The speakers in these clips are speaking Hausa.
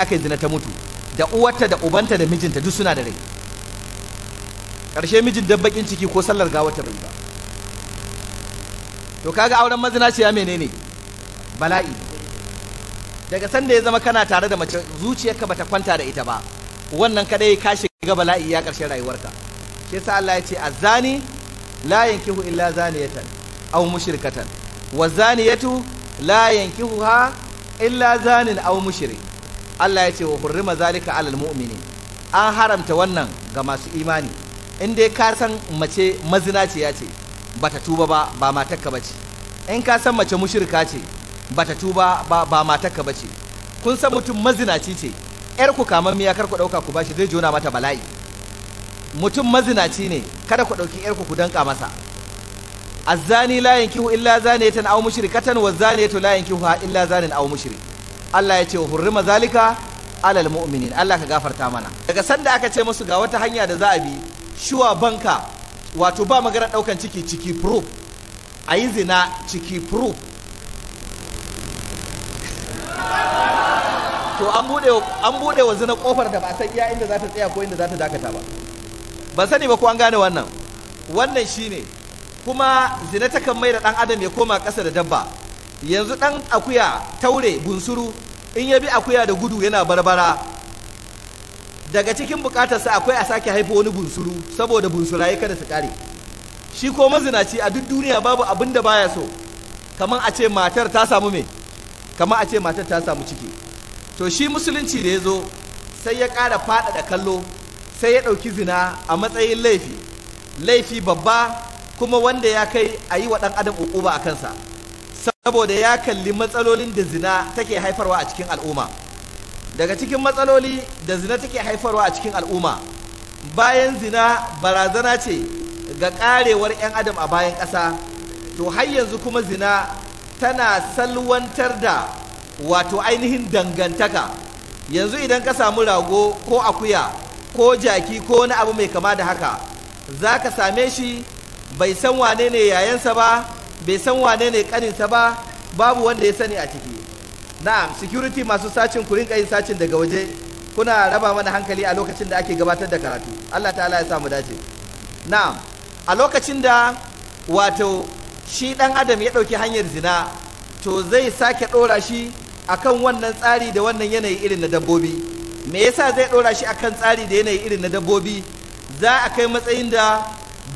aka yi zina ta mutu da uwarta da ubanta da mijinta duk suna da rai ƙarshe mijin dan bakin ciki ko sallar ta bai ba to kaga auren mazina ya menene bala'i daga sanda ya zama kana tare da mace zuciyarka bata kwanta da ita ba wannan kadai ka shiga bala'i ya ƙarshen rayuwarka shi yasa Allah ya ce azani la yankihu illa zaniyatan aw mushrikatan wa zaniyatu la yankihuha illa zanin aw mushrik Allah ya ce wa hurrima zalika alal mu'mini an haramta wannan ga masu imani in dai ka san mace mazina ce bata tuba ba ba matakka ce in ka san mace mushirka ce bata tuba ba ba matakka ce kun san mutum mazinaci ce yar ku kamar miya kar ku dauka ku bashi zai jona mata bala'i mutum mazinaci ne kada ku dauki yar ku ku danka masa azzani la yankihu illa zaniyatan aw mushrikatan wa zaniyatu la yankihu illa zanin aw mushrik Allah ya ce wa hurrima zalika alal mu'minin Allah ka gafarta mana daga sanda aka ce musu ga wata hanya da za a bi shuwa banka wato ba magana daukan ciki ciki proof a yi zina ciki proof to an bude wa zina kofar da ba san iya inda za ta tsaya ko inda za ta dakata ba ban sani ba ko an gane wannan wannan shine kuma zina takan mai da dan adam ya koma ƙasa da dabba yanzu ɗan akuya taure bunsuru in ya bi akuya da gudu yana barbara daga cikin bukatarsa akwai a sake haifa wani bunsuru saboda bunsura ya kada su kare shi ko mazinaci a duk duniya babu abin da baya so kamar a ce matar ta samu me kamar a ce matar ta samu ciki to shi musulunci da ya zo sai ya ƙara faɗaɗa kallo sai ya ɗauki zina a matsayin laifi laifi babba kuma wanda ya kai a yi wa ɗan adam uku ba a kansa saboda ya kalli matsalolin da zina take haifarwa a cikin al'umma daga cikin matsaloli da zina take haifarwa a cikin al'umma bayan zina barazana ce ga karewar 'yan adam a bayan ƙasa to har yanzu kuma zina tana salwantar da wato ainihin dangantaka yanzu idan ka samu rago ko akuya ko jaki ko wani abu mai kama da haka za ka same shi bai san wane ne yayansa ba bai san wane ne kaninsa ba babu wanda ya sani a ciki na'am security masu sacin ku rinka yin sacin daga waje kuna raba mana hankali a lokacin da ake gabatar da karatu Allah ta'ala ya samu dace na'am a lokacin da wato shi dan adam ya ɗauki hanyar zina to zai sake ɗora shi akan wannan tsari da wannan yanayi irin na dabbobi me yasa zai ɗora shi akan tsari da yanayi irin na dabbobi za a kai matsayin da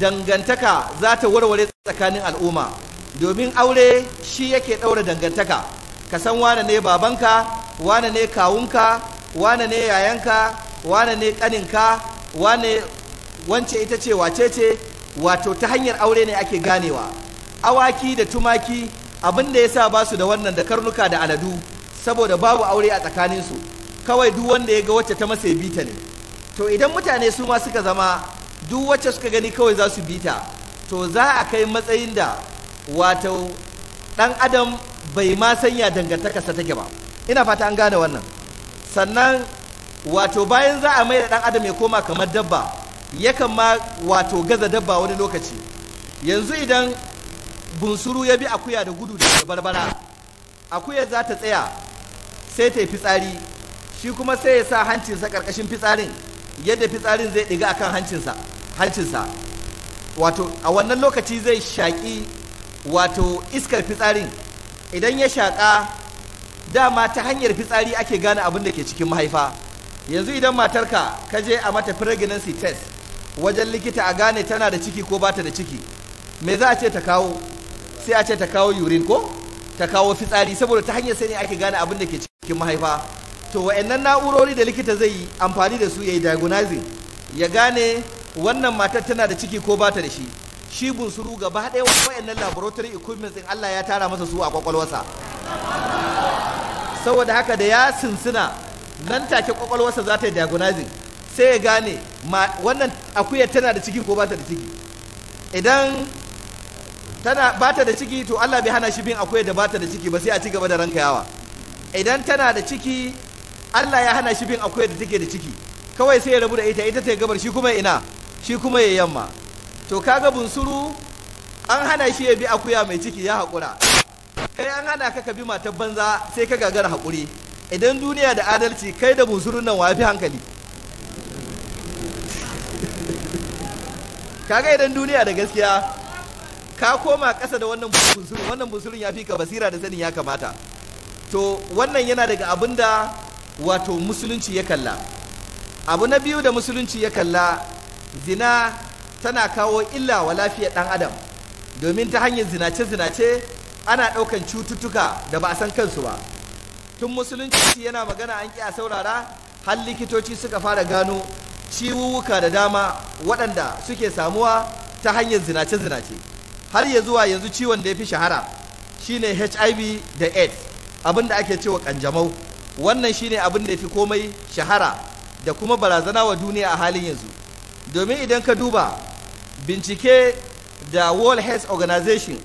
dangantaka za ta warware tsakanin al'umma domin aure shi yake ɗaura dangantaka ka san wane ne babanka wane ne kawunka wane ne yayanka wane ne ƙaninka wane wance ita ce wace ce wato ta hanyar aure ne ake ganewa awaki da tumaki abin da ya sa ba su da wannan da karnuka da aladu saboda babu aure a tsakaninsu kawai duk wanda ya ga wacce ta masa bita ne to idan mutane su ma suka zama duk wacce suka gani kawai za su bita to za a kai matsayin da wato ɗan adam bai ma sanya dangantakarsa take ba ina fata an gane wannan sannan wato bayan za a mai da ɗan adam ya koma kamar dabba yakan ma wato gaza dabba wani lokaci yanzu idan bunsuru ya bi akuya da gudu da barbara akuya za ta tsaya sai ta yi fitsari shi kuma sai ya sa hancinsa ƙarƙashin fitsarin yadda fitsarin zai ɗiga akan hancinsa hancinsa wato a wannan lokaci zai shaƙi wato iskar fitsarin idan ya shaƙa dama ta hanyar fitsari ake gane abin da ke cikin mahaifa yanzu idan matarka ka je a mata pregnancy test wajen likita a gane tana da ciki ko bata da ciki me za a ce ta kawo sai a ce ta kawo yurin ko ta kawo fitsari saboda ta hanyar sai ne ake gane abin da ke cikin mahaifa to wa'annan na'urori da likita zai yi amfani da su ya yi diagnosing ya gane wannan matar tana da ciki ko bata da shi shi bunsuru gaba ɗaya nan laboratory equipment din Allah ya tara masa su a kwakwalwarsa saboda haka da ya sinsina nan take kwakwalwarsa za ta yi diagonizing sai ya gane wannan akuyar tana da ciki ko ba ta da ciki idan tana ba ta da ciki to Allah bai hana shi bin akuyar da ba ta da ciki ba sai a ci gaba da ranka yawa idan tana da ciki Allah ya hana shi bin akuyar da take da ciki kawai sai ya rabu da ita ita ta gabar shi kuma ina shi kuma ya yamma to kaga bunsuru an hana shi ya bi akuya mai ciki ya haƙura kai an hana ka ka bi matar banza sai ka gagara haƙuri idan duniya da adalci kai da bunsuru nan wafi hankali kaga idan duniya da gaskiya ka koma ƙasa da wannan bunsurun wannan bunsurun ya fi ka basira da sanin ya kamata to wannan yana daga abin da wato musulunci ya kalla abu na biyu da musulunci ya kalla zina tana kawo illa wa lafiyar ɗan adam domin ta hanyar zinace-zinace ana ɗaukan cututtuka da ba a san kansu ba tun musulunci yana magana an a saurara har likitoci suka fara gano ciwuwuka da dama waɗanda suke samuwa ta hanyar zinace-zinace har ya zuwa yanzu ciwon da ya fi shahara shine hiv da aids abin da ake cewa kanjamau wannan shine abin da ya fi komai shahara da kuma barazana wa duniya a halin yanzu domin idan ka duba bincike da world health organization